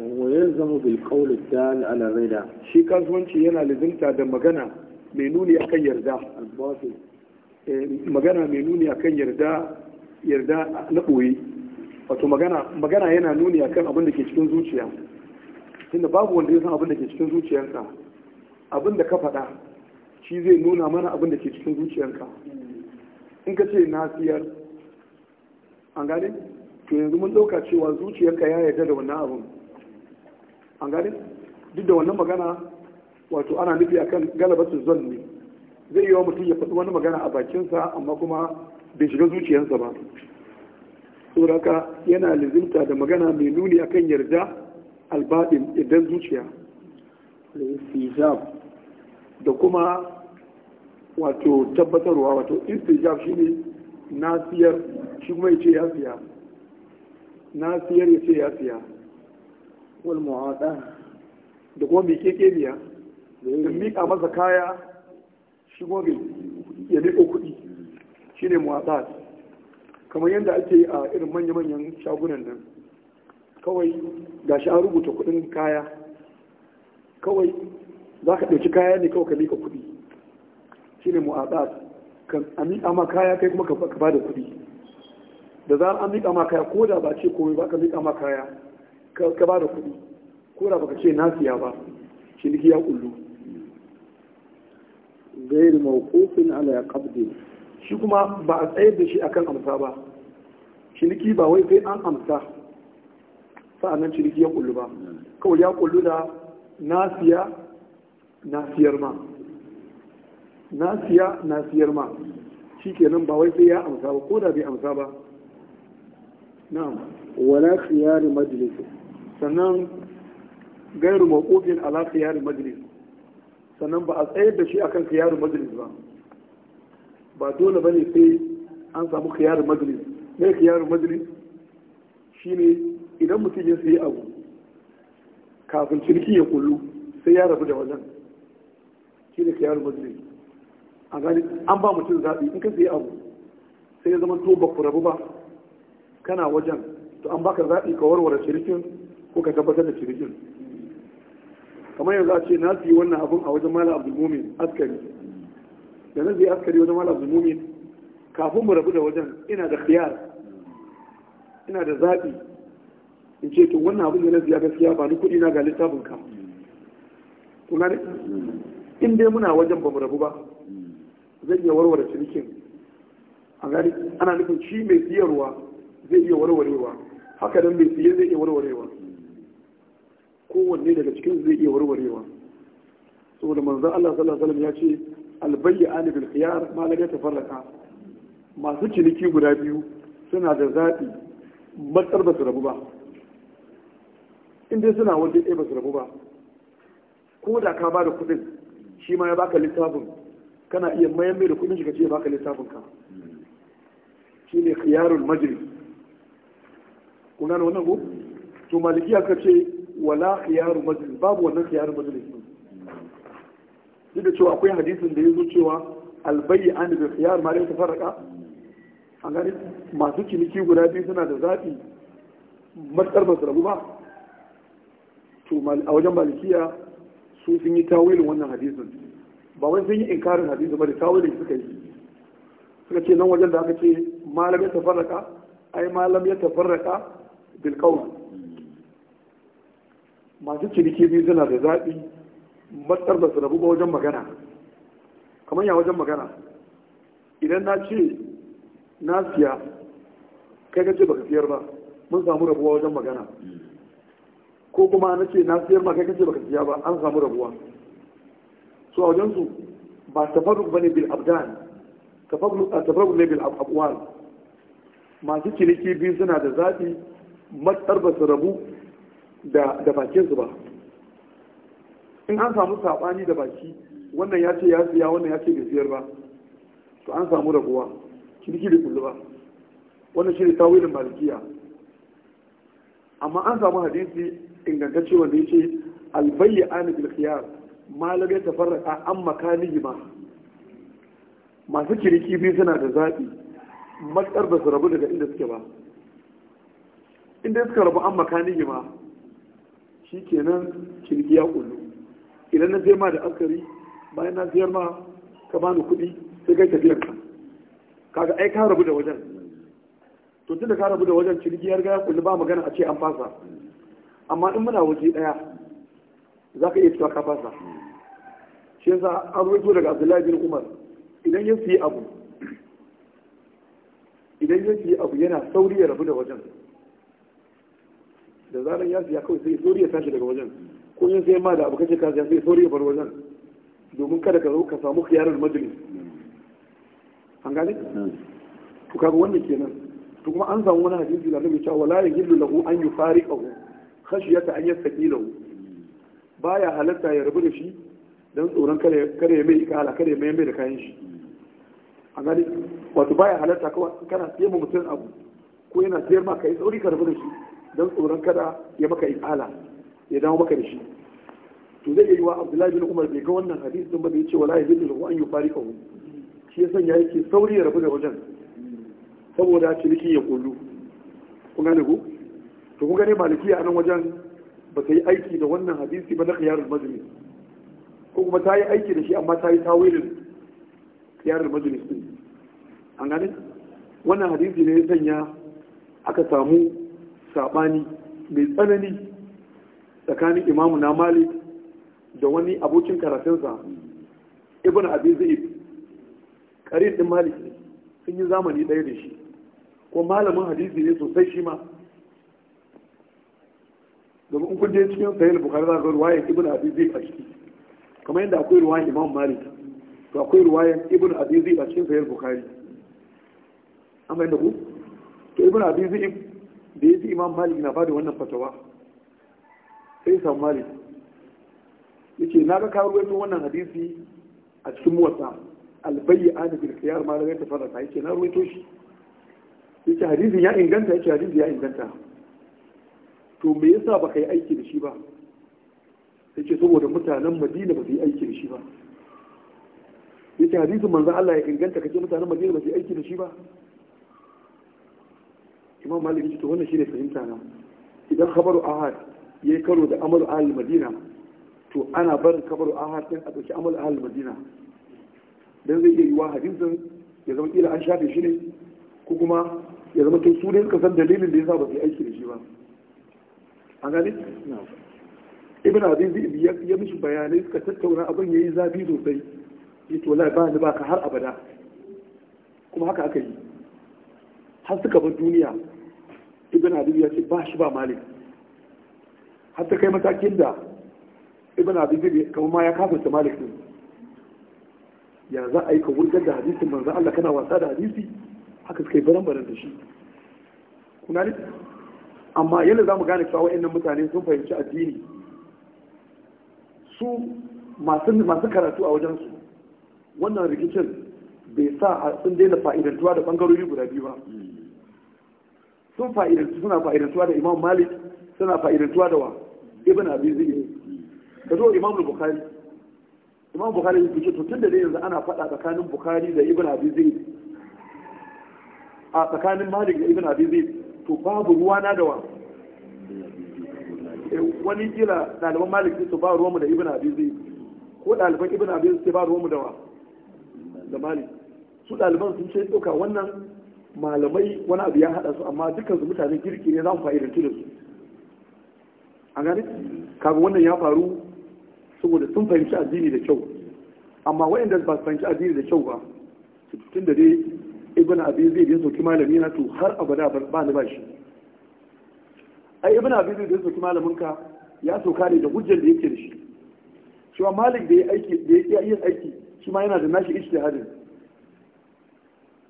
ويلزم بالقول الدال على الرضا شي kasuwanci yana lizinta da magana mai nuni akan yarda albafi magana mai nuni akan yarda yarda na boye wato magana magana yana nuni akan abin da ke cikin zuciya tunda babu wanda ya san abin da ke cikin zuciyarka abin da ka faɗa shi zai nuna mana abin da ke cikin zuciyarka in ka ce na siyar an gane to yanzu mun ɗauka cewa zuciyarka ya yarda da wannan abin an gane duk da wannan magana wato ana nufi akan galabatu zon ne zai yi wa mutum ya faɗi wani magana a bakinsa amma kuma bai shiga zuciyarsa ba saboda yana lizinta da magana mai nuni akan yarda albaɗin idan zuciya da kuma wato tabbatarwa wato istijab shine nasiyar shi kuma ya ce ya siya nasiyar ya ce ya siya wal mu'ada da kuma mai keke biya da miƙa masa kaya shi kuma ya miƙo kuɗi shi ne mu'ada kamar yadda ake a irin manya-manyan shagunan nan kawai ga shi an rubuta kuɗin kaya kawai za ka ɗauki kaya ne kawai ka miƙa kuɗi shi ne mu'ada a miƙa ma kaya kai kuma ka ba da kuɗi da za a miƙa ma kaya ko da ba ce komai ba ka miƙa ma kaya ka ba da kuɗi ko da baka ce na siya ba ciniki ya kullu gairi mawqufin ala kabde shi kuma ba a tsayar da shi akan amsa ba ciniki ba wai sai an amsa sa'annan ciniki ya kullu ba kawai ya kullu da na siya na ma na siya ma. Shi ma nan ba wai sai ya amsa ba ko da bai amsa ba na'am wala khiyari majlis sannan gairu mawqufin ala yari majalis sannan ba a tsayar da shi akan khiyar majalis ba ba dole ba ne sai an samu khiyar majlis ne majalis shi ne idan mutum ya sayi abu kafin cirki ya kullu sai ya rabu da wajen ne khiyar majalis a gani an ba mutum zaɓi in ka sayi abu sai ya zama to ba ku rabu ba kana wajen to an baka zaɓi ka warware shirkin ko ka tabbatar da shirikin kamar yanzu a ce na siyi wannan abun a wajen malam abdulmumin askari da na zai askari wajen malam abdulmumin kafin mu rabu da wajen ina da khiyar ina da zaɓi in ce to wannan abin da na siya gaskiya ba ni kuɗi na ga littafin ka kuma na in dai muna wajen ba mu rabu ba zai iya warware cinikin a gani ana nufin shi mai siyarwa zai iya warwarewa haka don mai siye zai iya warwarewa kowanne daga cikin zai iya warwarewa saboda manzan Allah sallallahu alaihi wasallam ya ce ani bil khiyar ma la yatafarraqa masu ciniki guda biyu suna da zaɓi matsar ba su rabu ba inda suna wanda ɗaya ba su rabu ba ko da ka ba da kuɗin shi ma ya baka littafin kana iya mayan mai da kuɗin shi ka ce ya baka littafin ka shi ne khiyarul majlis Kuna gane wannan ko to malikiya ka ce wala khiyaru majlis babu wannan khiyaru majlis duk da cewa akwai hadisin da ya zo cewa albayi an da khiyar ma dai tafarraka an gani masu ciniki guda biyu suna da zaɓi matsar ba su rabu ba to a wajen malikiya su sun yi tawilin wannan hadisin ba wai sun yi inkarin hadisin ba da tawilin suka yi suka ce nan wajen da aka ce malam ya tafarraka ai malam ya tafarraka bil qawl masu ciniki biyu suna da zaɓi matsar ba su rabu ba wajen magana kamar ya wajen magana idan na ce na siya kai ka ce baka siyar ba mun samu rabuwa wajen magana ko kuma na ce na siyar ma kai ka ce baka siya ba an samu rabuwa su a wajen su ba tafarruk bane bil abdan tafarruk ne bil abuwan. masu ciniki biyu suna da zaɓi matsar ba su rabu da bakinsu ba in an samu saɓani da baki wannan ya ce ya siya wannan ya ce bai siyar ba to an samu rabuwa kirki da kulluwa wannan shi ne tawilin malikiya amma an samu hadisi ingantacce wanda ya ce albayi ani bil khiyar malam ya tafarraka an makanihi ma masu kirki bi suna da zaɓi matsar ba su rabu daga inda suke ba inda suka rabu an makanihi ma shi kenan kirgi ya kullu idan na ziyar ma da askari bayan na ziyar ma ka bani kuɗi sai kai tafiyar ka kaga ai ka rabu da wajen to tunda ka rabu da wajen kirgiyar gaya kullu ba magana a ce an fasa amma in muna waje ɗaya za ka iya cewa ka fasa shi yasa an rubuto daga abdullahi bin umar idan ya siya abu idan ya siya abu yana sauri ya rabu da wajen da zarar ya siya kawai sai sauri ya tashi daga wajen ko yin sai ma da abu kace ka siya sai sauri ya bar wajen domin kada ka zo ka samu khiyarar majalis an gane to kaga wannan kenan to kuma an samu wani hadisi da annabi cewa wala yahillu lahu an yufariqahu khashiyata an yastaqilahu baya halatta ya rabu da shi don tsoron kare mai ikala kare mai mai da kayan shi a gani wato baya halatta kawai kana siya ma mutum abu ko yana siyar ma ka yi tsauri ka rabu da shi don tsoron kada ya maka ifala ya dawo maka da shi to zai yi wa abdullahi bin umar bai ga wannan hadisi din ba da yace wala yadillu lahu an yufariqahu shi ya sanya yake sauri ya rabu da wajen saboda ciniki ya kullu kun gane ku to kun gane maliki a nan wajen ba ta yi aiki da wannan hadisi ba na khiyarul majlis ko kuma ta yi aiki da shi amma ta yi tawilin khiyarul majlis din an gane wannan hadisi ne ya sanya aka samu saɓani mai tsanani tsakanin imamu na malik da wani abokin karatunsa ibn abi zaid karin din malik ne sun yi zamani ɗaya da shi ko malamin hadisi ne sosai shi ma domin in kun cikin sahih bukhari za ka ruwaya ibn abi a ciki kamar yadda akwai ruwayan imam malik to akwai ruwayan ibn abi a cikin sahih bukhari amma yadda ku to ibn abi da ya ji imam malik na bada wannan fatawa sai samu malik ya ce na ga kawo yin wannan hadisi a cikin muwasa albayi ana bilkiyar ma da ya ta rasa ya ce na ruwaito shi ya ce hadisin ya inganta ya ce hadisin ya inganta to me yasa ba ka yi aiki da shi ba ya ce saboda mutanen madina ba su yi aiki da shi ba ya ce hadisin manzan Allah ya inganta ka ce mutanen madina ba su yi aiki da shi ba imam malik ce to wannan shine fahimta na idan khabaru ahad yayi karo da amalu ahli madina to ana barin khabaru ahad din a dauki amalu ahli madina dan zai iya yiwa hadisin ya zama kila an shafe shi ne ko kuma ya zama to su ne suka san dalilin da yasa ba su yi aiki da shi ba an gane ibn abin ya mishi bayanai suka tattauna abin yayi zafi sosai yi to la ba ni ba ka har abada kuma haka aka yi har suka bar duniya ibn abin ya ce ba shi ba malik har ta kai matakin da ibn zai kamar ma ya kafinta malik din ya za a yi ka wurgar da hadisin manzo Allah kana wasa da hadisi haka suka yi baran baran da shi kuna ne amma yadda za mu gane cewa wa'annan mutane sun fahimci addini su masu karatu a wajensu wannan rikicin bai sa sun daina fa'idantuwa da bangarori guda biyu ba sun fa'idantu suna fa'idantuwa da imam malik suna fa'idantuwa da wa ibn abi zaid ka zo imam bukhari imam bukhari ya ce to tunda dai yanzu ana faɗa tsakanin bukhari da ibn abi zaid a tsakanin malik da ibn abi zaid to babu na da wa eh, wani kila ɗaliban malik su ba ruwanmu da ibn abi zaid ko ɗaliban ibn abi su ba ruwanmu da wa da malik su ɗaliban sun ce ɗauka wannan malamai wani abu ya haɗa su amma dukkan su mutane kirki ne za mu fa'idanci da su a gani kaga wannan ya faru saboda sun fahimci addini da kyau amma waɗanda ba su fahimci addini da kyau ba tun da dai ibn abin zai biya sauki malami na to har abada ba ni ba shi ai ibn abin zai biya sauki malamin ka ya sauka ne da hujjar da yake da shi shi ma malik da ya aiki da ya yin aiki shi ma yana da nashi ijtihadin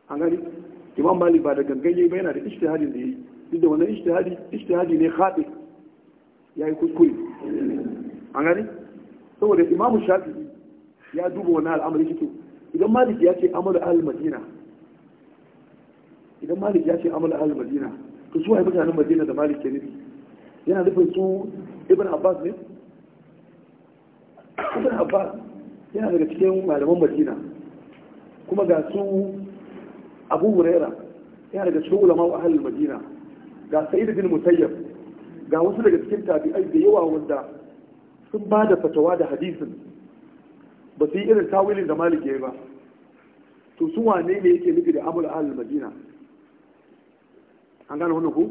an gani imam malik ba da gangaye ba yana da ijtihadin da yayi duk da wannan ijtihadi ijtihadi ne khati yayi kuskure an gani saboda imam shafi'i ya duba wannan al'amari shi to idan malik ya ce amalu al madina idan malik ya ce amalu al madina to su ai mutanen madina da malik ke nufi yana nufin su ibn abbas ne ibn abbas yana daga cikin malaman madina kuma ga su abu huraira yana daga cikin ulama a halin madina ga sa'id bin musayyab ga wasu daga cikin tabi'ai da yawa wanda sun ba da fatawa da hadisin ba su yi irin tawilin da malik ba to su wane ne yake nufi da amul ahal madina an gane wannan ku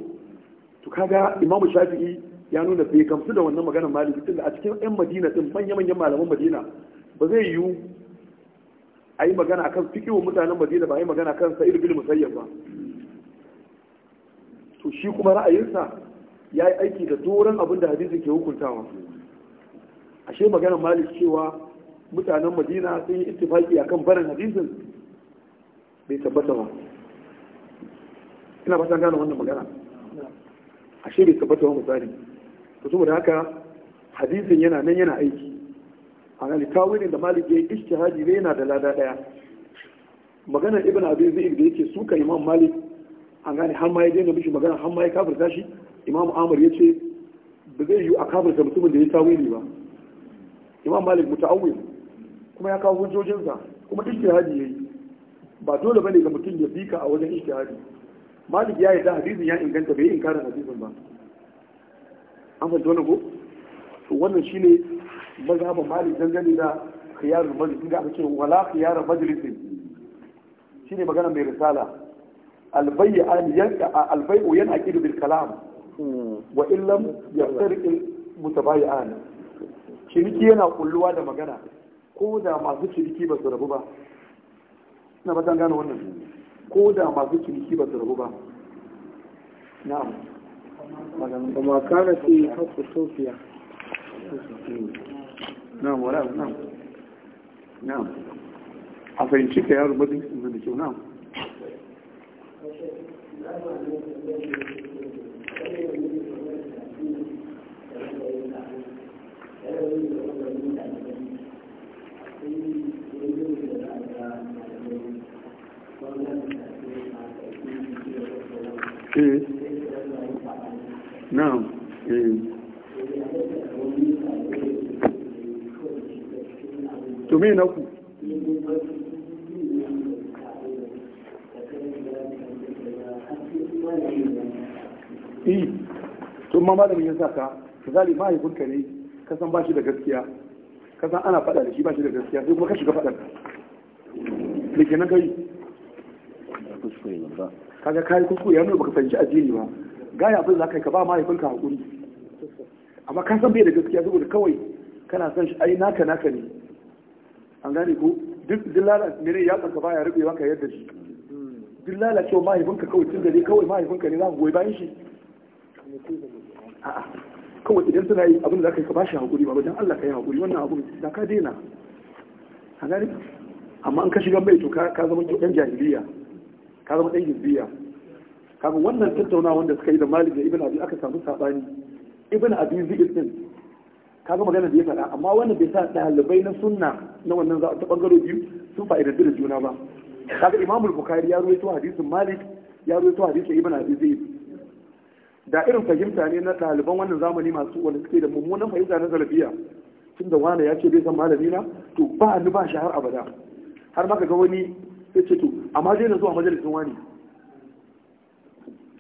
to kaga imamu shafi'i ya nuna bai gamsu da wannan maganar malik tunda a cikin yan madina din manya manyan malaman madina ba zai yiwu a yi magana akan fikihu mutanen madina ba a yi magana kan sa'ir bin musayyab ba to shi kuma ra'ayinsa ya yi aiki da doron abin da hadisi ke hukuntawa ashe maganar malik cewa mutanen madina sun yi ittifaki akan barin hadisin bai tabbata ba ina fatan gane wannan magana ashe bai tabbata ba misali to saboda haka hadisin yana nan yana aiki a gani tawilin da malik ya yi ishtihadi ne yana da lada daya maganar ibn abi zaid da yake suka imam malik an gane har ma ya daina mishi magana har ma ya kafirta shi imam amr ya ce ba zai yiwu a kafirta mutumin da ya tawili ba imam malik muta'awwil kuma ya kawo sa kuma ishtihadi yayi ba dole bane ga mutum ya bika a wajen ishtihadi malik ya da hadisin ya inganta bai inkara hadisin ba an fahimci wannan ko wannan shine mazhabin malik dangane na khiyar majlis da aka ce wala khiyar majlis shine magana mai risala albay'an yanka albay'u yanqidu bil kalam wa in lam yaftariq al mutabayi'an ciniki yana kulluwa da magana ko da masu ciniki ba su rabu ba ina fatan gane wannan ko da masu ciniki ba su rabu ba na'am kuma kana ce hakku sofiya Não, moral, não. Não. A frente que era o banco em cima daquilo, não. Não. Não. tuminaku me na ku eh to ma malamin ya saka misali mahaifinka ne kasan ba shi da gaskiya kasan ana faɗa da shi ba shi da gaskiya sai kuma ka shiga faɗan da ke nan kai kaga kayi kuskure ya nuna baka fahimci addini ba gaya abin za ka yi ka ba mahaifinka haƙuri amma kasan bai da gaskiya saboda kawai kana san shi ai naka naka ne an gane ko duk lalace mene ya tsanka baya rubewa ka yadda shi dillala cewa mahaifinka kawai tun gari kawai mahaifinka ne za ku goyi bayan shi kawai idan suna yi abin da za ka yi ka bashi haƙuri ba don Allah ka yi haƙuri wannan abin da ka daina a gani amma an ka shiga mai to ka zama ɗan jahiliya ka zama ɗan gizbiya kaga wannan tattaunawa wanda suka yi da malik da ibn abi aka samu saɓani ibn abi zikir din kaga magana da ya faɗa amma wannan bai sa ɗalibai na sunna na wannan za ta bangaro biyu sun fa'ida da juna ba kaga imamul bukhari ya ruwaito hadisin malik ya ruwaito hadisin ibn abi da irin fahimta ne na ɗaliban wannan zamani masu wani suke da mummunan fahimta na zarafiya. tun da wani ya ce bai san malami na to ba ni ba shi har abada har ka ga wani sai ce to amma dai na zuwa majalisin wani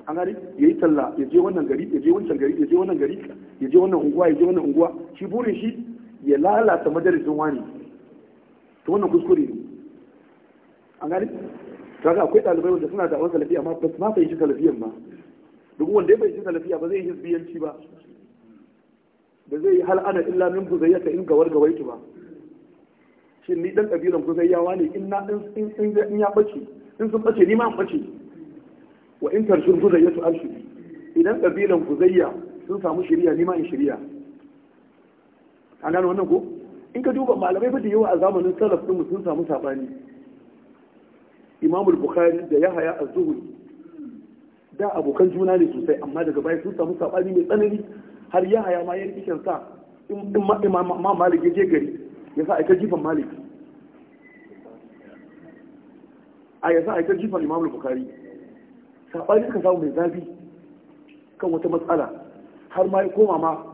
an gari ya yi talla ya je wannan gari ya je wancan gari ya je wannan gari ya je wannan unguwa ya je wannan unguwa shi burin shi ya lalata madarisin wani to wannan kuskure ne an gari ga akwai ɗalibai wanda suna da wasu lafiya amma ba su yi shi salafiyan ba duk wanda ya shi salafiya ba zai yi biyanci ba ba zai yi hal ana illa min buzayyata in gawar gawaitu ba shin ni dan kabilan kuzayyawa ne in na in ya bace in sun bace ni ma in bace wa in tarshur huzayyatu arshidi idan kabilan zayya sun samu shari'a ni ma in shari'a A gano wannan ko in ka duba malamai fa da yawa a zamanin salaf din sun samu sabani imamul bukhari da yahaya az-zuhri da abokan juna ne sosai amma daga baya sun samu sabani mai tsanani har yahaya ma yayin kishin sa in ma Maliki ya je gari ya sa aika jifan malik a ya sa aika jifan imamul bukhari saɓani suka samu mai zafi kan wata matsala har ma ya koma ma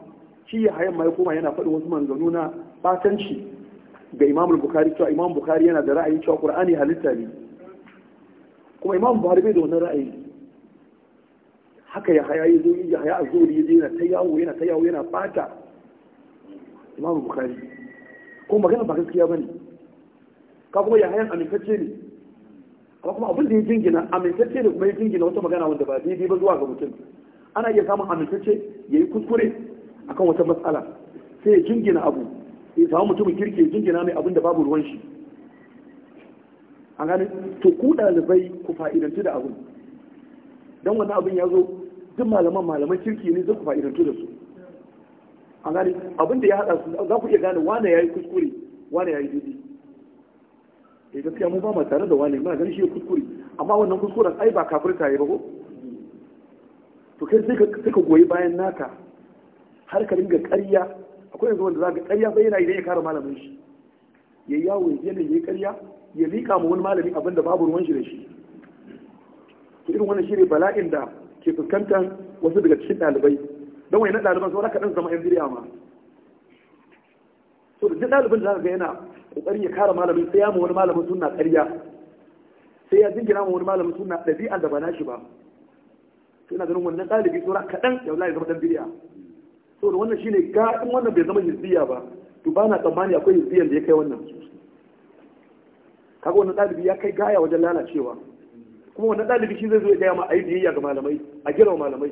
shi ya hayan ma ya koma yana faɗin wasu manzannu na batanci ga imamul bukari cewa imam bukari yana da ra'ayi cewa qur'ani halitta ne kuma imam buhari bai da wannan ra'ayi haka ya haya zo ya haya azuri yaje yana ta yawo yana ta yawo yana imam bukari Kuma magana ba gaskiya bane ka ya hayan amintacce ne amma kuma abin da ya jingina amintacce da kuma ya jingina wata magana wanda ba daidai ba zuwa ga mutum ana iya samun amintacce ya yi kuskure akan wata matsala sai ya jingina abu ya samu mutumin kirki ya jingina mai abin da babu ruwan shi an gane to ku ɗalibai ku fa'idantu da abin don wannan abin ya zo duk malaman malaman kirki ne zai ku fa'idantu da su an gane abin da ya haɗa su za ku iya gane wane ya yi kuskure wane ya yi daidai eh gaskiya mu ba tare da wani ma ganin shi kuskure amma wannan kuskuren ai ba kafirta yi ba ko to kai sai ka sai ka goyi bayan naka har ka dinga ƙarya akwai yanzu wanda zaka ƙarya bai yana idan ya kare malamin shi ya yawo ya ne ya ƙarya ya lika mu wani malami abin da babu ruwan shi da shi to irin wannan shine bala'in da ke fuskantar wasu daga cikin ɗalibai don wai na ɗaliban sauran kaɗan zama yan ma so da ɗalibin da zaka ga yana kokarin ya kare malamin sai ya ma wani malamin suna ƙarya sai ya jingina ma wani malamin suna ɗabi'a da ba na shi ba to ina ganin wannan ɗalibi tsora kaɗan ya wallahi zama ɗan bidiya so da wannan shine ga in wannan bai zama hizbiya ba to ba na tsammani akwai hizbiyan da ya kai wannan kaga wannan ɗalibi ya kai gaya wajen lalacewa kuma wannan ɗalibi shi zai zo ya gaya ma a yi biyayya ga malamai a girma malamai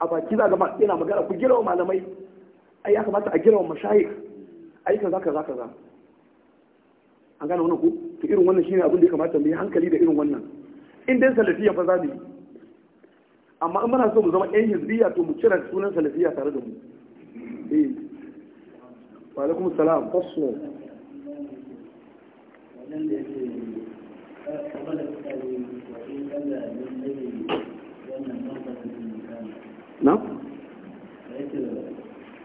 a baki za ga yana magana ku girma malamai ai ya kamata a girma mashayikh ai kaza kaza kaza an gane wannan ku to irin wannan shine abin da ya kamata mu yi hankali da irin wannan in dai salafiya fa za mu yi amma in muna so mu zama ɗan hizbiya to mu cire sunan salafiya tare da mu eh wa alaikum salam fasu na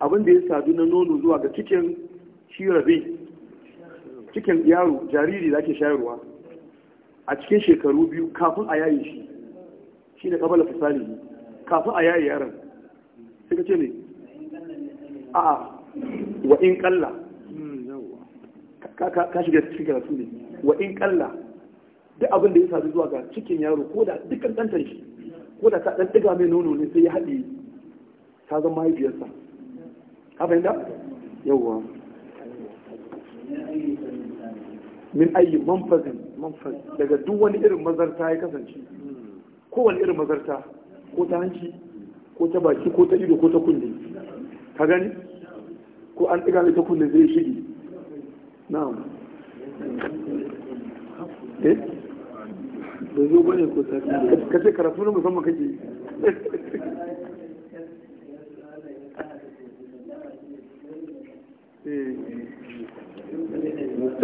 abin da ya sadu na nono zuwa ga cikin shi rabe cikin yaro jariri da ake shayarwa a cikin shekaru biyu kafin a yaye shi shi ne kabala fisali kafin a yaye yaron sai ka ce ne a'a wa in kalla ka shiga cikin karatu ne wa in kalla duk abin da ya sadu zuwa ga cikin yaro ko da dukkan ɗantar shi ko da ka ɗan ɗiga mai nono ne sai ya haɗe ta zama mahaifiyarsa haka inda yawwa min ayi manfazin manfaz daga duk wani irin mazarta ya kasance kowane irin mazarta ko ta hanci ko ta baki ko ta ido ko ta kunne ka gani ko an ɗiga mai ta kunne zai shige na'am eh da zo bane ko ta ka ce karatu na musamman kake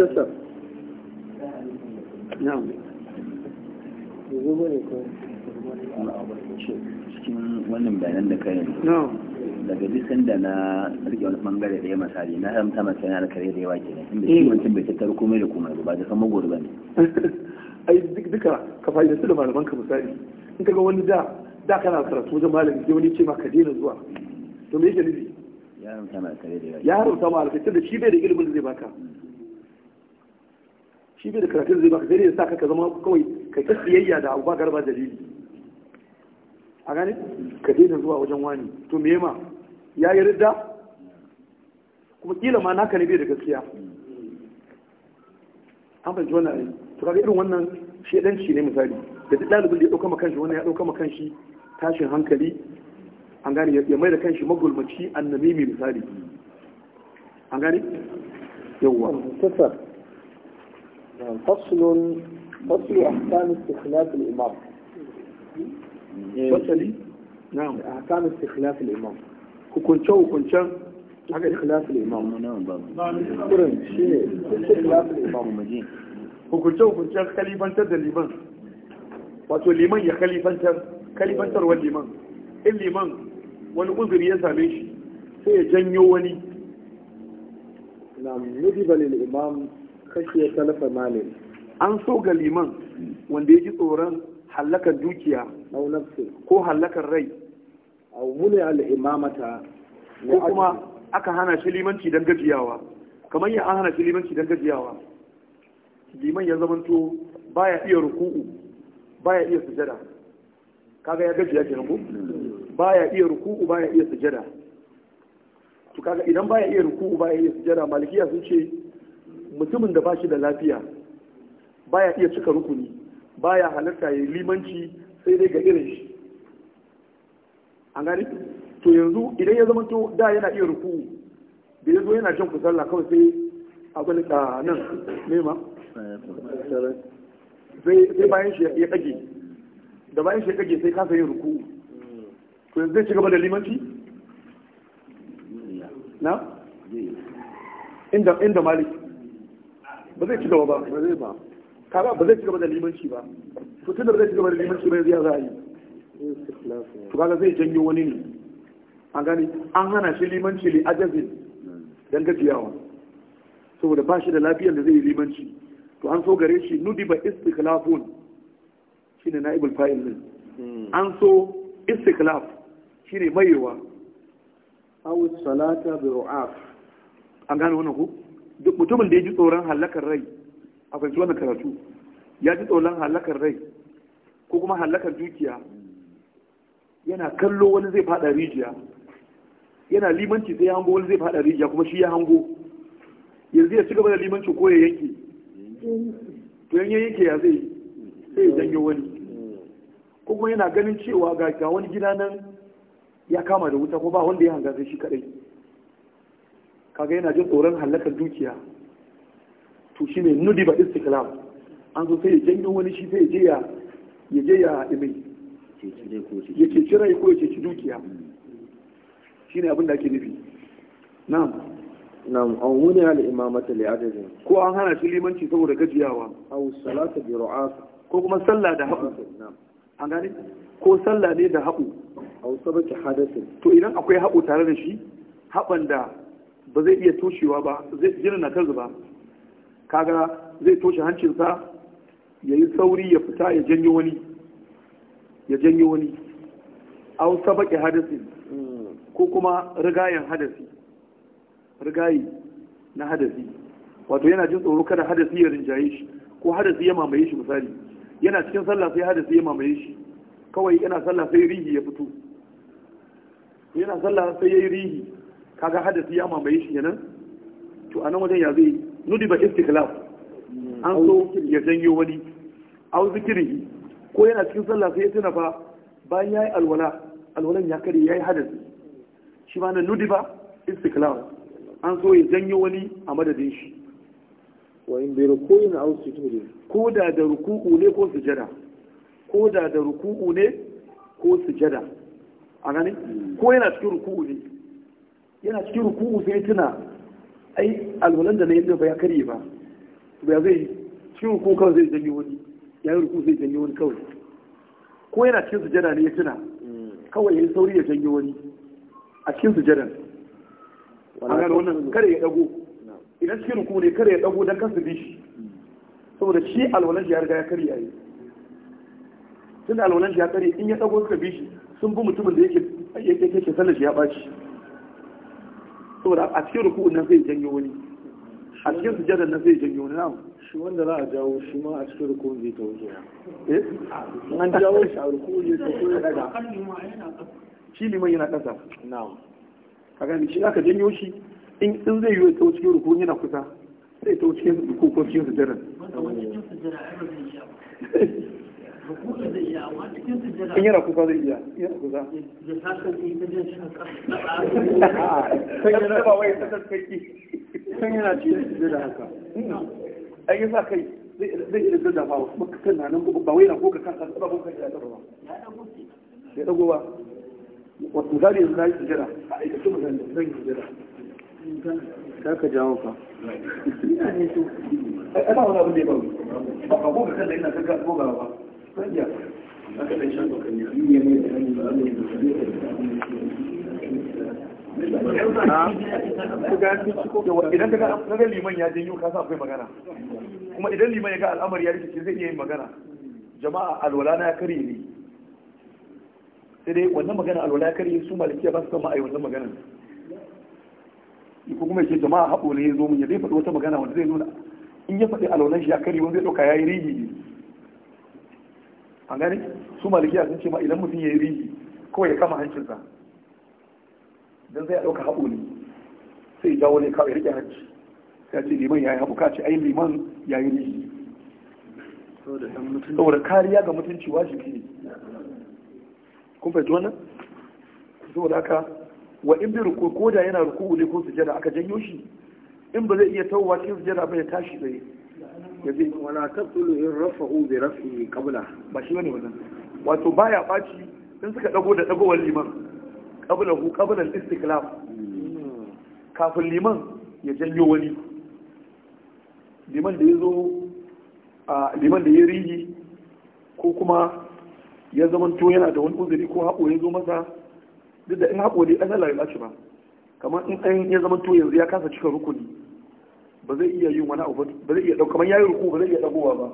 muktasar na'am cikin wannan bayanan da kayan daga bisan da na rike wani bangare da ya misali na haramta masa yana da kare da yawa ke nan inda shi eh. wancan bai tattara komai da komai ba da kama gori ba ne ai duka ka fa'ida su da malaman ka misali in ka ga wani da da kana karatu wajen malami sai wani ce ma ka daina zuwa to me yake nufi ya haramta ma alkare da yawa ya haramta ma alkare da shi bai da ilimin da zai baka shi bai da karatun zai baka gari da sa ka zama kawai ka ta siyayya da abu ba garba dalili a gani ka daina zuwa wajen wani to me ma ya yi ridda kuma kila ma naka ne bai da gaskiya an fahimci wannan ne to kaga irin wannan shedanci ne misali da duk ɗalibin da ya dauka makanshi kanshi wannan ya dauka makanshi kanshi tashin hankali an gane ya mai da kanshi magulmaci mai misali an gane yawwa فصل فصل أحكام استخلاف الإمام فصل نعم أحكام استخلاف الإمام كنت شو كنت شو حق استخلاف الإمام نعم نعم نعم كرم شيء استخلاف الإمام مجين كنت شو كنت شو خلي بنتر ده الإمام فاتو الإمام يخلي بنتر خلي بنتر والإمام الإمام wani uzuri ya same shi sai ya نعم wani na medieval imam kashiya talafa malin an so ga liman wanda ya ji tsoron hallakar dukiya ko hallakar rai a wule al'imamata ko kuma aka hana shi limanci don gajiyawa kamar yin an hana shi limanci don gajiyawa liman ya zamanto baya iya ruku'u baya iya sujada kaga ya gajiya kenan ko baya iya ruku'u baya iya sujada to kaga idan baya iya ruku'u baya iya sujada malikiya sun ce mutumin da ba shi da lafiya baya iya cika rukuni baya halarta ya limanci sai dai ga irin shi an gani to yanzu idan ya zama to da yana iya ruku da ya zo yana jan kusalla kawai sai abin da nan nema sai bayan shi ya kage da bayan shi ya kage sai kasa yin ruku to yanzu zai ci gaba da limanci na inda malik ba zai ci gaba ba ba zai ba ka ba ba zai ci gaba da limanci ba to da ba zai ci gaba da limanci ba yanzu ya za a yi to kaga zai janyo wani ne an gani an hana shi limanci li ajazin dan gajiyawa saboda ba shi da lafiyar da zai yi limanci to an so gare shi nudi ba istiklafun shine na'ibul fa'il din hmm. an so istiklaf shine mayewa aw salata bi ru'af an gani wannan ku duk mutumin da ya ji tsoron halakar rai a fahimci wannan karatu ya ji tsoron halakar rai ko kuma halakar dukiya yana kallo wani zai fada rijiya yana limanci sai ya hango wani zai fada rijiya kuma shi ya hango yanzu ya ci gaba da limanci ko ya yanke to yan yanke ya zai sai ya janyo wani ko kuma yana ganin cewa ga wani gida nan ya kama da wuta ko ba wanda ya hanga sai shi kadai kaga yana jin tsoron hallakar dukiya to shi ne nudi ba istiklal an zo sai ya janyo wani shi sai ya je ya ya je ya imai ya ceci rai ko ya ceci dukiya shi ne abin da ake nufi na'am na'am an wuni al imamata li adadin ko an hana shi limanci saboda gajiyawa aw salata bi ru'as ko kuma sallah da haɓu an gane ko sallah ne da haɓu aw sabaki hadasin to idan akwai haɓu tare da shi haɓan da ba zai iya toshewa ba zai jinin na ta zuba kaga zai toshe hancinsa ya yi sauri ya fita ya janyo wani ya janyo wani An sabaƙe hadasi ko kuma rigayen hadasi rigayi na hadasi wato yana jin tsoro kada hadasi ya rinjaye shi ko hadasi ya mamaye shi misali yana cikin sallah sai hadasi ya mamaye shi kawai yana sallah sai rihi ya fito yana sallah sai ya yi rihi kaga hadasi ya mamaye shi kenan to anan wajen ya zai nudi ba istiklaf an so ya janyo wani au zikiri ko yana cikin sallah sai ya tuna fa bayan yayi alwala alwalan ya kare yayi hadasi shi ma nan nudi ba istiklaf an so ya janyo wani a madadin shi wa in bi ruku'in au sujudi ko da da ruku'u ne ko sujada ko da da ruku'u ne ko sujada a ganin ko yana cikin ruku'u ne yana cikin ruku'u sai tuna ai alwalan da na yi ba ya karye ba ba zai cikin ruku'u kawai zai janyo wani ya yi ruku'u zai janyo wani kawai ko yana cikin sujada ne ya tuna kawai ya yi sauri ya janyo wani a cikin sujadan wannan kare ya dago idan cikin ruku'u ne kare ya dago don kansu su bishi, saboda shi alwalan ya riga ya karye ai tun da alwalan ya karye in ya dago suka bi sun bi mutumin da yake yake sallar shi ya ɓaci saboda a cikin ruku'un nan zai janyo wani a cikin sujadar nan zai janyo wani na'am shi wanda za a jawo shi ma a cikin ruku'un zai ta wuce eh an jawo shi a ruku'un zai ta wuce daga shi liman yana ƙasa na'am a gani shi aka janyo shi in in zai yi ta wuce ruku'un yana kusa zai ta wuce ruku'un cikin sujadar in yana kuka zai iya yana kuka sun yana cikin sujjada haka hmm. a yi sa kai zai iya sujjada ba kuma kan na nan ba wai na kuka kan kan ba kuka ya tsaba ba ya dago ba wasu misali yanzu na yi sujjada a aikace mutane zan yi sujjada kar ka jawo ka ina ne so ai wani abin da ya ba ba kuka kan da ina kan ka ba idan ka ga liman ya janyo kasa akwai magana kuma idan liman ya ga al'amari ya rikice zai iya yin magana jama'a alwala na kare ne sai dai wannan magana alwala ya kare su malikiya ba su san ma'ai wannan maganar ko kuma ce jama'a haɓo ne ya zo mun ya zai faɗi wata magana wanda zai nuna in ya faɗi alwalan shi ya kare wanda zai ɗauka ya yi rigi ne an gane su malikiya sun ce ma idan mutum ya yi rigi kawai ya kama hancinsa don zai ya ɗauka haɓo ne sai ya jawo ne kawai rike hanci sai ce liman ya yi haɓo ka ce ai liman ya yi rihi saboda kariya ga mutunci wajibi ne kun fahimci wannan saboda haka wa in bi ruku ko da yana ruku ne ko sujada aka janyo shi in ba zai iya tawowa cikin sujada ba ya tashi tsaye yabi wala tabtulu in rafa'u bi raf'i qabla ba shi wani wannan wato baya baci sun suka dago da dagowar liman qabla hu qabla al-istiklaf kafin liman ya janyo wani liman da ya zo a liman da ya rigi ko kuma ya zamanto yana da wani uzuri ko haƙo ya zo masa duk da in haƙo dai an lalai ba kamar in ɗan ya zamanto yanzu ya kasa cika rukuni ba zai iya yin wani abu ba zai iya dauka kamar yayi ruku ba zai iya dagowa ba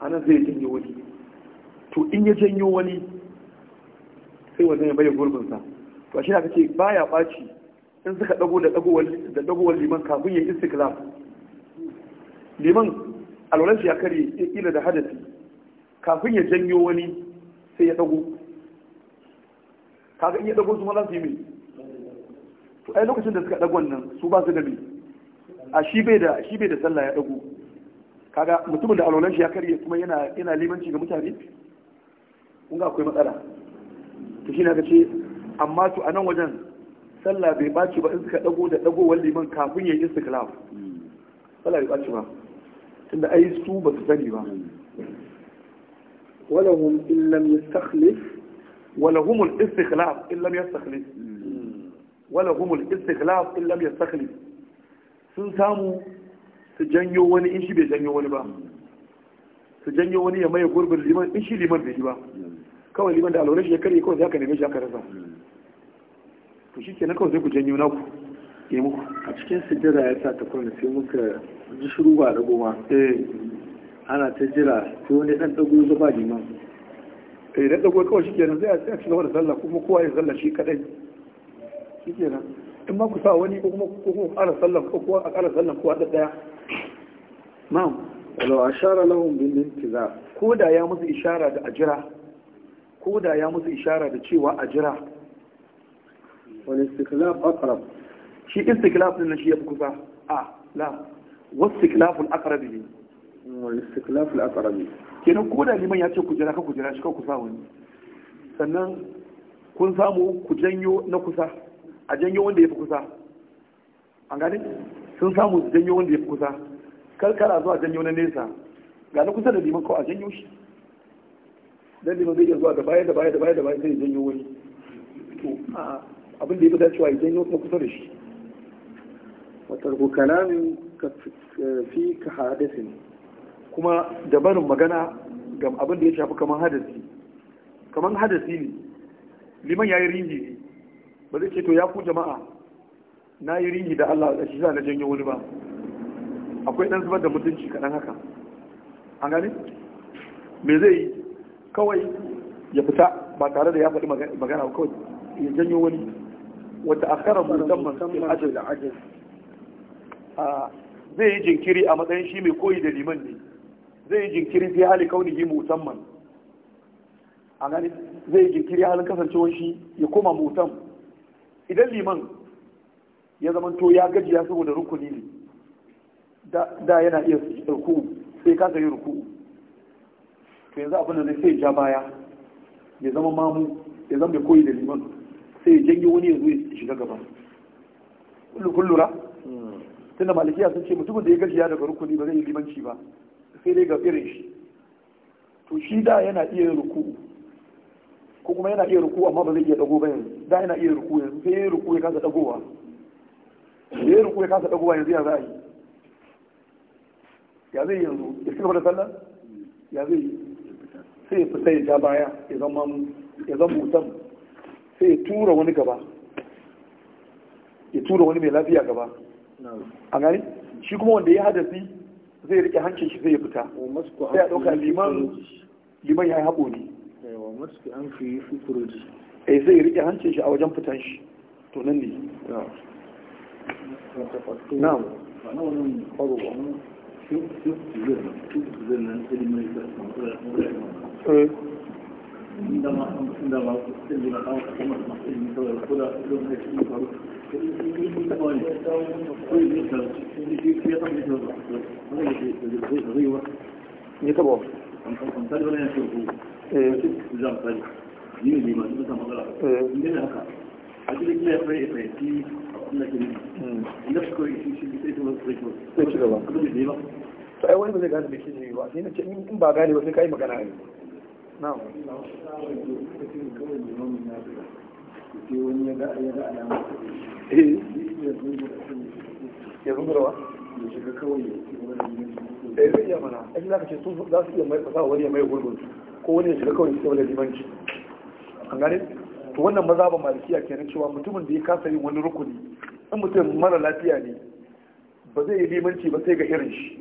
anan zai janyo wani to in ya janyo wani sai wannan ya bayyana gurbin sa to shi aka ce baya baci in suka dago da dagowar da dagowar liman kafin ya istiklal liman alwalan shi ya kare ila da hadasi kafin ya janyo wani sai ya dago kaga in ya dago su ma za su yi mai to ai lokacin da suka dago wannan su ba su da mai a shi bai da sallah ya dago kaga mutumin da alwalan shi ya karye kuma yana yana limanci ga mutane kun ga akwai matsala to shi na ga ce amma to a nan wajen sallah bai baci ba in suka dago da dagowar liman kafin yayin istiklal sallah bai baci ba tunda ai su ba su sani ba ولهم إن لم يستخلف ولهم الاستخلاف إن لم يستخلف sun samu su janyo wani in shi bai janyo wani ba su janyo wani ya maye gurbin liman in shi liman bai yi ba kawai liman da alwalar shi ya karye kawai za ka neme shi aka rasa to shi na kawai sai ku janyo naku ke muku a cikin sijira ya sa ta kwana sai muka ji shiru ba da goma eh. ana ta jira sai wani dan dago zuba liman eh dan dago kawai shi ke nan sai a ci gaba da sallah kuma kowa ya sallah shi kadai shi nan in ma ku sa wani ko kuma ko kuma ƙara sallan ko kuma a ƙara sallan ko da daya ma'am walau ashara lahum bil intizar ko da ya musu ishara da ajira ko da ya musu ishara da cewa ajira wal istiklaf aqrab shi istiklaf din shi ya fi kusa a la wastiklaf al aqrab ne wal istiklaf al aqrab kenan ko da liman ya ce ku jira ka ku jira shi ka ku sa wani sannan kun samu ku janyo na kusa a janyo wanda ya fi kusa an gane sun samu su janyo wanda ya fi kusa karkara zuwa janyo na nesa ga na kusa da liman kawai a janyo shi dan liman zai iya zuwa da baya da baya da baya da baya zai janyo wani to abin da ya fi dacewa ya janyo kuma kusa da shi watarku kalamin fi ka ne, kuma dabarin magana ga abin da ya shafi kamar hadasi kamar hadasi ne liman ya yi rinji ne ba zai ce to ya ku jama'a na yi rihi da Allah da shi za na janyo wani ba akwai dan zubar da mutunci kaɗan haka an gani me zai yi kawai ya fita ba tare da ya faɗi magana kawai ya janyo wani wata akara musamman ajin A ah, zai yi jinkiri a matsayin shi mai koyi da liman ne zai yi jinkiri fi hali kaunihi musamman a gani zai yi jinkiri halin kasancewar shi ya koma musamman idan liman ya zama to ya gajiya saboda rukuni ne da yana iya ruku sai kasa yi ruku to yanzu abin da zai sai ja baya ya zama mamu ya zama koyi da liman sai ya janyo wani ya zo ya shiga gaba kun lura da malikiya sun ce mutumin da ya gajiya daga rukuni ba zai yi limanci ba sai dai ga irin shi to shi da yana iya ruku ko kuma yana iya ruku amma ba zai iya dago ba yanzu da yana iya ruku yanzu sai ya ruku ya kasa dagowa ya ruku ya kasa dagowa yanzu ya za a yi ya zai yanzu ya ci gaba da sallah ya zai yi sai ya fita ya ja baya ya zama ya zama mutum sai ya tura wani gaba ya tura wani mai lafiya gaba a gani shi kuma wanda ya hadasi zai rike hancin shi sai ya fita sai ya ɗauka liman liman ya yi haƙo ne ki eh zai rike hancin shi a wajen fitan shi to nan ne na'am ne taɓa to ai wani ba zai gane da ba sai ce in ba gane ba kai magana ne na'am ya ya wa ya ya ya ya ya sai zai iya mana za ka ce sun za su iya mai fasa wani ya mai gurbin ko wani ya shiga kawai cikin wani limanci an gane to wannan maza ba malikiya kenan cewa mutumin da ya kasa yin wani rukuni in mutum mara lafiya ne ba zai yi limanci ba sai ga irin shi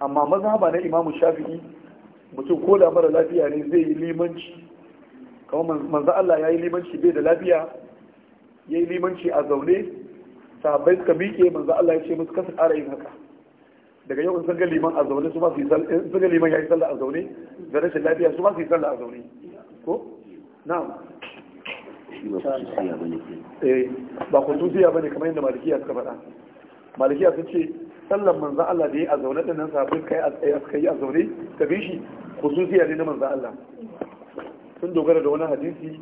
amma maza ba na imamu shafi'i mutum ko da mara lafiya ne zai yi limanci kamar manzo Allah ya yi limanci bai da lafiya ya yi limanci a zaune sahabbai suka miƙe manzo Allah ya ce musu kasa ƙara yin haka daga yau in sun ga liman a zaune su ba su yi sallah in sun ga liman ya yi sallah a zaune da rashin lafiya su ba su yi sallah a zaune ko na'am eh, ba ba bane kamar yadda malikiya suka faɗa malikiya sun ce sallan manzan Allah da ya a zaune ɗin nan sabbin kai a tsaye eh, suka yi a zaune ka bi shi kususiya ne na manzan Allah sun dogara da wani hadisi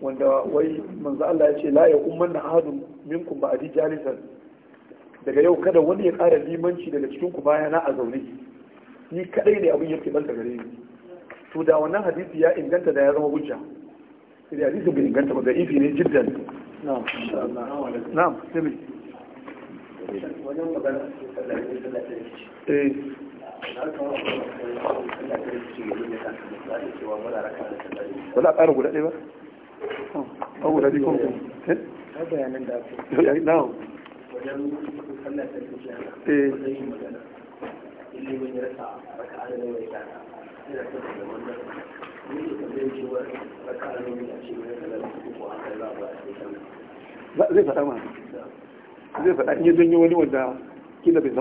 wanda wai manzan Allah ya ce la ya umman na ahadun minkum ba a ji jalisan daga yau kada wani ya ƙara limanci daga cikin ku baya na a zaune ni kadai ne abin yake banta gare ni to da wannan hadisi ya inganta da ya zama hujja sai hadisi bai inganta ba da ifi ne jiddan na'am na'am sai wajen magana eh ba a zai faɗa ma zai faɗa in yi wani wanda kila bai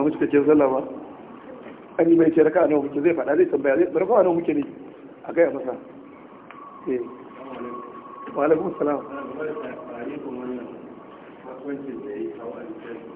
an yi mai ce raka nawa muke zai faɗa zai tambaya zai nawa muke ne a gaya masa wa alaikum salam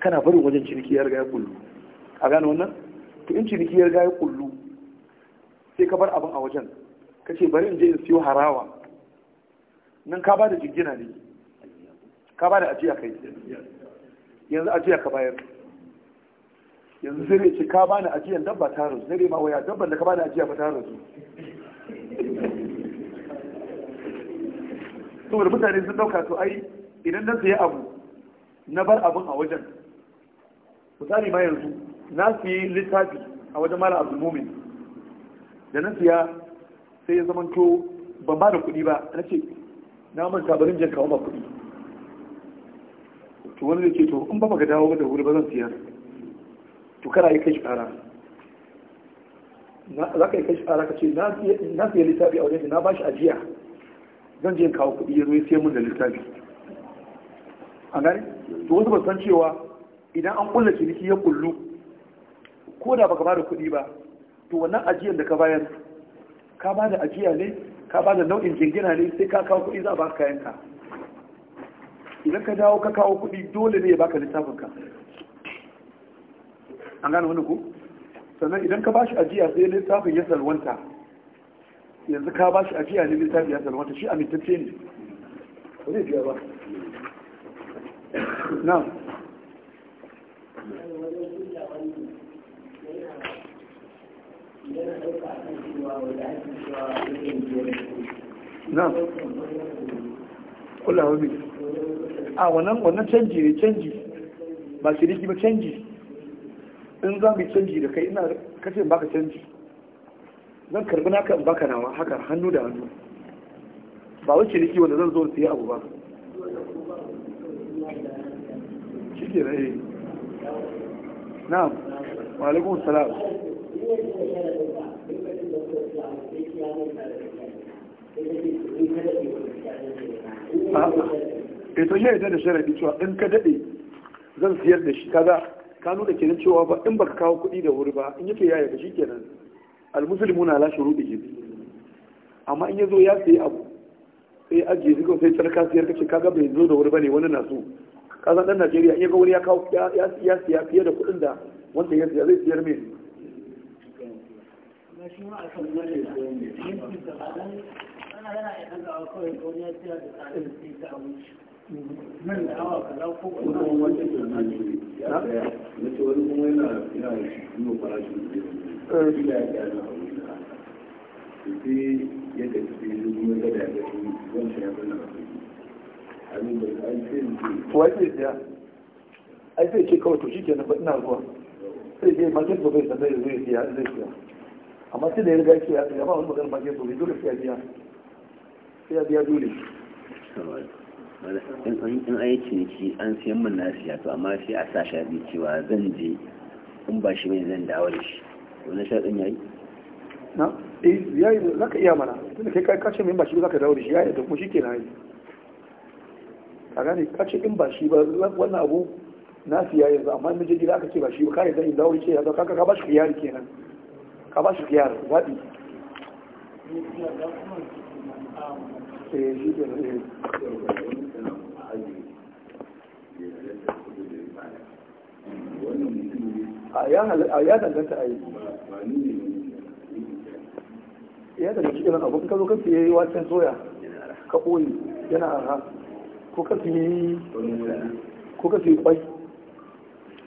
kana barin wajen ciniki ya riga ya kullu a gane wannan to in ciniki ya riga ya kullu sai ka bar abin a wajen ka ce bari in je in siyo harawa nan ka ba da jingina ne ka ba da ajiya kai yanzu ajiya ka bayar yanzu zai ce ka bani ajiyan dabba ta rasu zai ma waya dabban da ka bani ajiya ba ta rasu saboda mutane sun dauka to ai idan na sayi abu na bar abin a wajen misali ma yanzu na yi littafi a wajen mala abdulmumin da na siya sai ya to ban ba da kuɗi ba na ce na manta barin jan kawo ba kuɗi to wani zai ce to in ba ka dawo da wuri ba zan siyar to kara yi kai shi ƙara za ka yi kai shi ƙara ka ce na siya littafi a wajen na ba shi ajiya zan je kawo kuɗi ya zo ya siya mun da littafi a gani to wasu ba san cewa idan an kulla ciniki ya kullu ko da baka bada kuɗi ba to wannan ajiyar da ka bayar ka bada ajiya ne ka bada nau'in jingina ne sai ka kawo kuɗi za a baka kayan ka idan ka dawo ka kawo kuɗi dole ne ya baka littafin ka an gane wani ku sannan idan ka bashi ajiya sai littafin ya salwanta yanzu ka bashi ajiya ne littafin ya salwanta shi amintacce ne ba zai biya ba na'am na kula hobi a ah, wannan wannan canji ne canji ba shiriki ba canji in za mu canji da kai ina kace in baka canji zan karbi naka in baka nawa haka hannu da hannu ba wai shiriki wanda zan zo su yi abu ba shi ke na yi eh. نعم وعليكم السلام ito eto ya yadda da sharadi cewa in ka daɗe zan siyar da shi kaza ka nuna kenan cewa ba in ba ka kawo kuɗi da wuri ba in yake ya yadda shi kenan lashe ala gizi amma in zo ya sayi abu sai ajiye zuwa sai tsarka siyar kace kaga bai zo da wuri ba ne wani na so kasan dan najeriya in ga wani ya kawo ya siya fiye da kuɗin da wanda ya siya zai siyar mai ya ce wani kuma yana eh. yi da ya a wuri da to ai sai ya ai sai ce kawai to shi kenan ina zuwa sai je makin to bai san zai zai siya zai siya amma sai da ya riga ya siya ya ba wani magana makin to bai dole siya biya siya biya dole in an yi ciniki an siyan min na siya to amma sai a sa shi bi cewa zan je in ba shi mai zan dawo da shi wani shaɗin ya yi na eh ya yi za ka iya mana tun da kai kashe mai ba shi za ka dawo da shi ya yi da kuma shi ke na yi a gane ka in ba shi ba wannan abu na siya yanzu amma in jirgin gida aka ce ba shi ba kare zan in dawo ce ya zaka ka ba shi khiyari kenan ka ba eh, shi kiyar eh. zaɓi a ya danganta a yi ya danganta irin abu ka zo kan siya yi wasan soya ka ɓoye yana arha ko ka su yi ko ka su yi kwai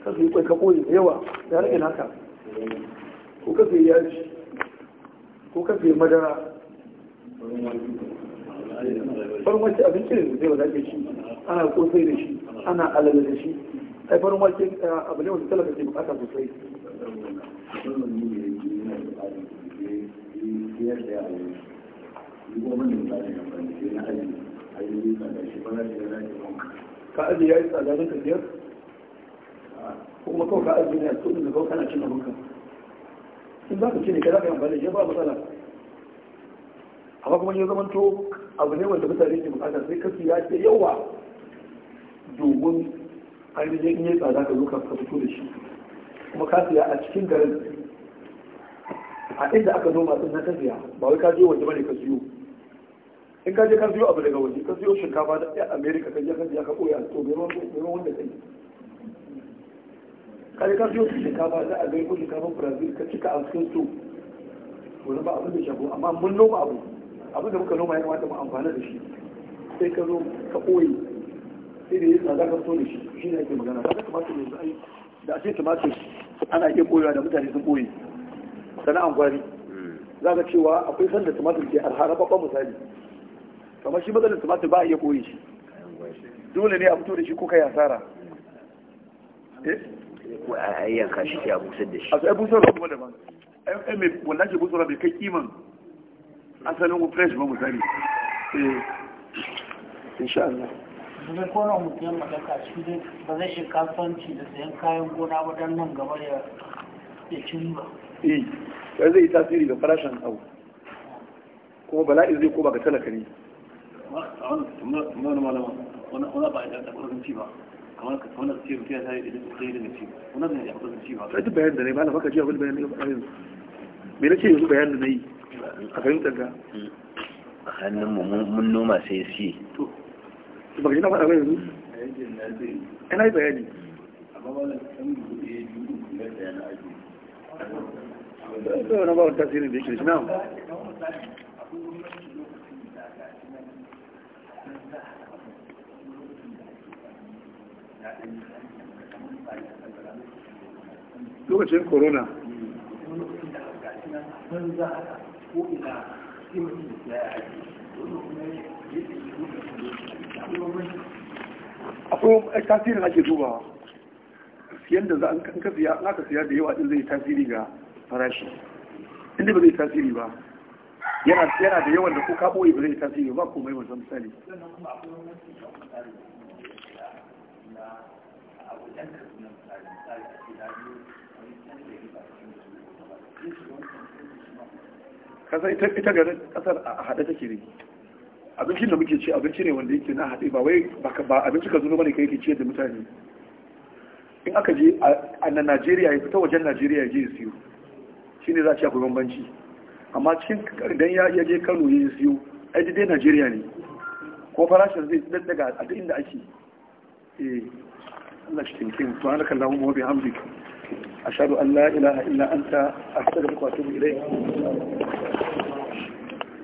ka kwai ka koyi da yawa ya rage haka ko ka yaji ko ka madara farin wace abinci ne zai shi ana kosai da shi ana alala da shi ai farin wace abu ne wanda talaka ke bukata sosai Thank you. ka aji ya yi tsada da biyar kuma kawai ka aji ne to da kawai kana cin abinka in za ka ci ne ka za ka yi amfani ya ba matsala amma kuma ya zama to abu ne wanda mutane ke bukata sai kasu ya ce yawa domin ainihin in yi tsada ka zo ka fito da shi kuma ka siya a cikin garin a inda aka zo masu na ka siya ba wai ka je waje bane ka siyo in ka je ka siyo abu daga waje ka siyo shinkafa da america ka je ka siya ka koya to me ruwan wanda kai ka je ka siyo shinkafa da a ko shinkafa brazil ka cika a cikin su wani ba abin da shafu amma mun noma abu abin da muka noma ya kamata mu amfana da shi sai ka zo ka koyi sai da yin tsada ka so da shi shi ne ake magana ba ka kamata yanzu ai da ake tumatir ana iya koyewa da mutane sun koyi sana'an gwari hmm. za ka cewa akwai sanda tumatir ke alhara rababban misali kamar shi matsalin tumatir ba a iya koyi shi dole ne a fito da shi ko kai asara eh a yanka busar da shi a sai busar da kuma daban ai bai ba eh insha Allah zai kona mutum ya shi zai shi kasuwanci da sayan kayan gona ba dan nan gaba ya cin ba eh zai yi tasiri ga farashin abu kuma bala'i zai koma ga talaka wani malama wani ba a da ƙarfin ba kamar ka tona ce mutum ya sai idan sai daga ci wannan ne ya fara ci ba sai duk bayanin da nayi malam baka ji abin bayanin da nayi me nace yanzu bayanin da nayi a fahimtar ka a hannun mu mun noma sai si to to baka ji na faɗa ba yanzu ina yi bayani amma malam kan da ya yi da ya na aji da wani ba wani tasiri da yake shi na lokacin corona akwai tasirin ake dubawa yadda za a siya da yawa din zai tasiri ga farashi inda ba zai tasiri ba yana yana da yawan da kuka ɓoye boye ba zai tasiri ba komai wajen misali Kasar ita ita garin kasar a haɗe take ne abincin da muke ci abinci ne wanda yake na haɗe ba wai ba abinci ka zuno bane kai yake ciyar da mutane in aka je a na Najeriya ya fita wajen Najeriya ya je ya siyo shine za a ci akwai bambanci amma cikin idan ya je kano ya siyo a jide najeriya ne ko farashin zai daga a duk inda ake eh Allah shi tinkin to an kallahu mu bi hamdik a an Allah ilaha illa anta a wa atubu